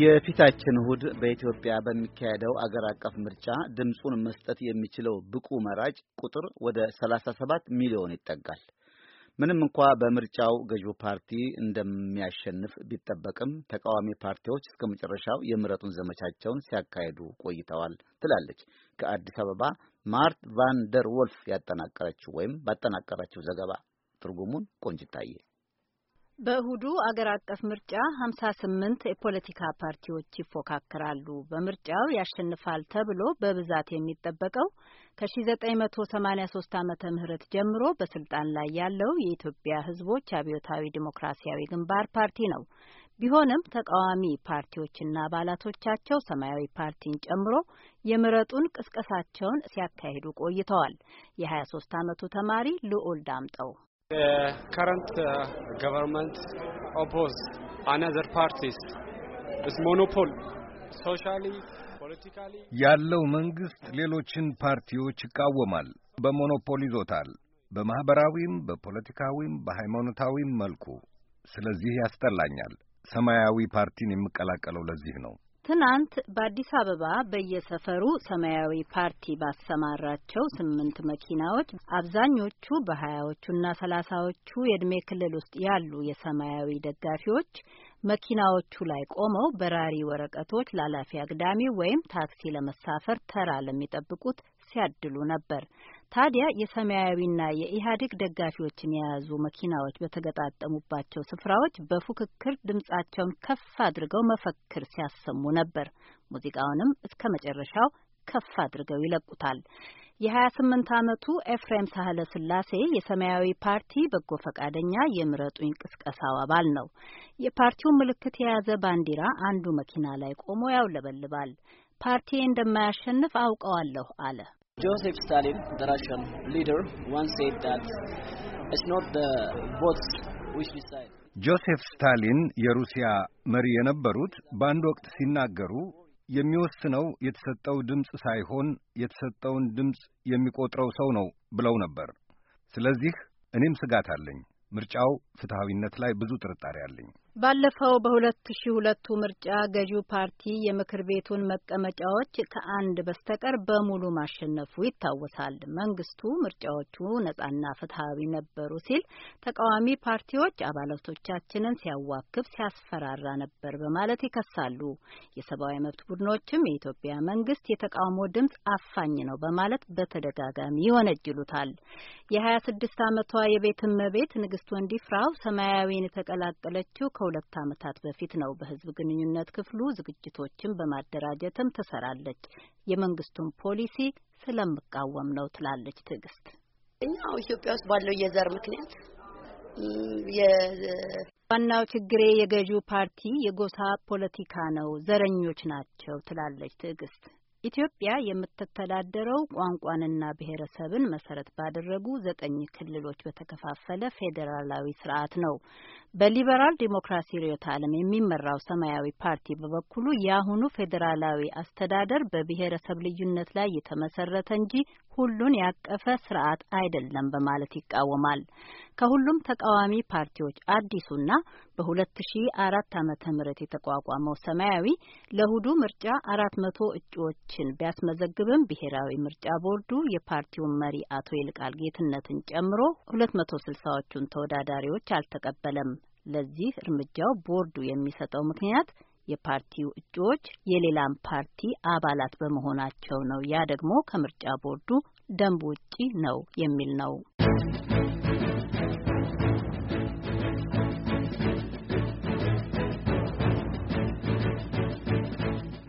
የፊታችን እሁድ በኢትዮጵያ በሚካሄደው አገር አቀፍ ምርጫ ድምፁን መስጠት የሚችለው ብቁ መራጭ ቁጥር ወደ 37 ሚሊዮን ይጠጋል። ምንም እንኳ በምርጫው ገዢው ፓርቲ እንደሚያሸንፍ ቢጠበቅም ተቃዋሚ ፓርቲዎች እስከ መጨረሻው የምረጡን ዘመቻቸውን ሲያካሂዱ ቆይተዋል ትላለች ከአዲስ አበባ ማርት ቫን ደር ወልፍ ያጠናቀረችው ወይም ባጠናቀረችው ዘገባ ትርጉሙን ቆንጅታዬ በእሁዱ አገር አቀፍ ምርጫ 58 የፖለቲካ ፓርቲዎች ይፎካከራሉ። በምርጫው ያሸንፋል ተብሎ በብዛት የሚጠበቀው ከ1983 ዓመተ ምህረት ጀምሮ በስልጣን ላይ ያለው የኢትዮጵያ ሕዝቦች አብዮታዊ ዲሞክራሲያዊ ግንባር ፓርቲ ነው። ቢሆንም ተቃዋሚ ፓርቲዎችና አባላቶቻቸው ሰማያዊ ፓርቲን ጨምሮ የምረጡን ቅስቀሳቸውን ሲያካሂዱ ቆይተዋል። የ23 ዓመቱ ተማሪ ልዑል ዳምጠው The current ኦፖዝ uh, government ፓርቲስ another ሶሻሊ ፖለቲካሊ ያለው መንግስት ሌሎችን ፓርቲዎች ይቃወማል፣ በሞኖፖል ይዞታል፣ በማህበራዊም፣ በፖለቲካዊም፣ በሃይማኖታዊም መልኩ። ስለዚህ ያስጠላኛል። ሰማያዊ ፓርቲን የምቀላቀለው ለዚህ ነው። ትናንት በአዲስ አበባ በየሰፈሩ ሰማያዊ ፓርቲ ባሰማራቸው ስምንት መኪናዎች አብዛኞቹ በሀያዎቹና ሰላሳዎቹ የእድሜ ክልል ውስጥ ያሉ የሰማያዊ ደጋፊዎች መኪናዎቹ ላይ ቆመው በራሪ ወረቀቶች ላላፊ አግዳሚ ወይም ታክሲ ለመሳፈር ተራ ለሚጠብቁት ሲያድሉ ነበር። ታዲያ የሰማያዊና የኢህአዴግ ደጋፊዎችን የያዙ መኪናዎች በተገጣጠሙባቸው ስፍራዎች በፉክክር ድምጻቸውን ከፍ አድርገው መፈክር ሲያሰሙ ነበር። ሙዚቃውንም እስከ መጨረሻው ከፍ አድርገው ይለቁታል። የ28 ዓመቱ ኤፍሬም ሳህለ ስላሴ የሰማያዊ ፓርቲ በጎ ፈቃደኛ የምረጡኝ ቅስቀሳው አባል ነው። የፓርቲው ምልክት የያዘ ባንዲራ አንዱ መኪና ላይ ቆሞ ያውለበልባል። ፓርቲ እንደማያሸንፍ አውቀዋለሁ አለ። Joseph Stalin, the Russian leader, once said that it's not the votes which decide. ጆሴፍ ስታሊን የሩሲያ መሪ የነበሩት በአንድ ወቅት ሲናገሩ የሚወስነው የተሰጠው ድምፅ ሳይሆን የተሰጠውን ድምፅ የሚቆጥረው ሰው ነው ብለው ነበር። ስለዚህ እኔም ስጋት አለኝ። ምርጫው ፍትሐዊነት ላይ ብዙ ጥርጣሬ አለኝ። ባለፈው በ2002ቱ ምርጫ ገዢው ፓርቲ የምክር ቤቱን መቀመጫዎች ከአንድ በስተቀር በሙሉ ማሸነፉ ይታወሳል። መንግስቱ ምርጫዎቹ ነጻና ፍትሐዊ ነበሩ ሲል ተቃዋሚ ፓርቲዎች አባላቶቻችንን ሲያዋክብ፣ ሲያስፈራራ ነበር በማለት ይከሳሉ። የሰብአዊ መብት ቡድኖችም የኢትዮጵያ መንግስት የተቃውሞ ድምፅ አፋኝ ነው በማለት በተደጋጋሚ ይወነጅሉታል። የሀያ ስድስት አመቷ የቤት እመቤት ንግስት ወንዲ ፍራው ሰማያዊን የተቀላቀለችው ከሁለት ዓመታት በፊት ነው። በህዝብ ግንኙነት ክፍሉ ዝግጅቶችን በማደራጀትም ትሰራለች። የመንግስቱን ፖሊሲ ስለምቃወም ነው ትላለች ትዕግስት። እኛው ኢትዮጵያ ውስጥ ባለው የዘር ምክንያት ዋናው ችግሬ የገዢው ፓርቲ የጎሳ ፖለቲካ ነው፣ ዘረኞች ናቸው ትላለች ትዕግስት። ኢትዮጵያ የምትተዳደረው ቋንቋንና ብሔረሰብን መሰረት ባደረጉ ዘጠኝ ክልሎች በተከፋፈለ ፌዴራላዊ ስርዓት ነው። በሊበራል ዲሞክራሲ ርዕዮተ ዓለም የሚመራው ሰማያዊ ፓርቲ በበኩሉ የአሁኑ ፌዴራላዊ አስተዳደር በብሔረሰብ ልዩነት ላይ የተመሰረተ እንጂ ሁሉን ያቀፈ ስርዓት አይደለም በማለት ይቃወማል። ከሁሉም ተቃዋሚ ፓርቲዎች አዲሱና በ2004 ዓ ም የተቋቋመው ሰማያዊ ለእሁዱ ምርጫ 400 እጩዎችን ቢያስመዘግብም ብሔራዊ ምርጫ ቦርዱ የፓርቲውን መሪ አቶ ይልቃል ጌትነትን ጨምሮ 260ዎቹን ተወዳዳሪዎች አልተቀበለም። ለዚህ እርምጃው ቦርዱ የሚሰጠው ምክንያት የፓርቲው እጩዎች የሌላም ፓርቲ አባላት በመሆናቸው ነው። ያ ደግሞ ከምርጫ ቦርዱ ደንብ ውጪ ነው የሚል ነው።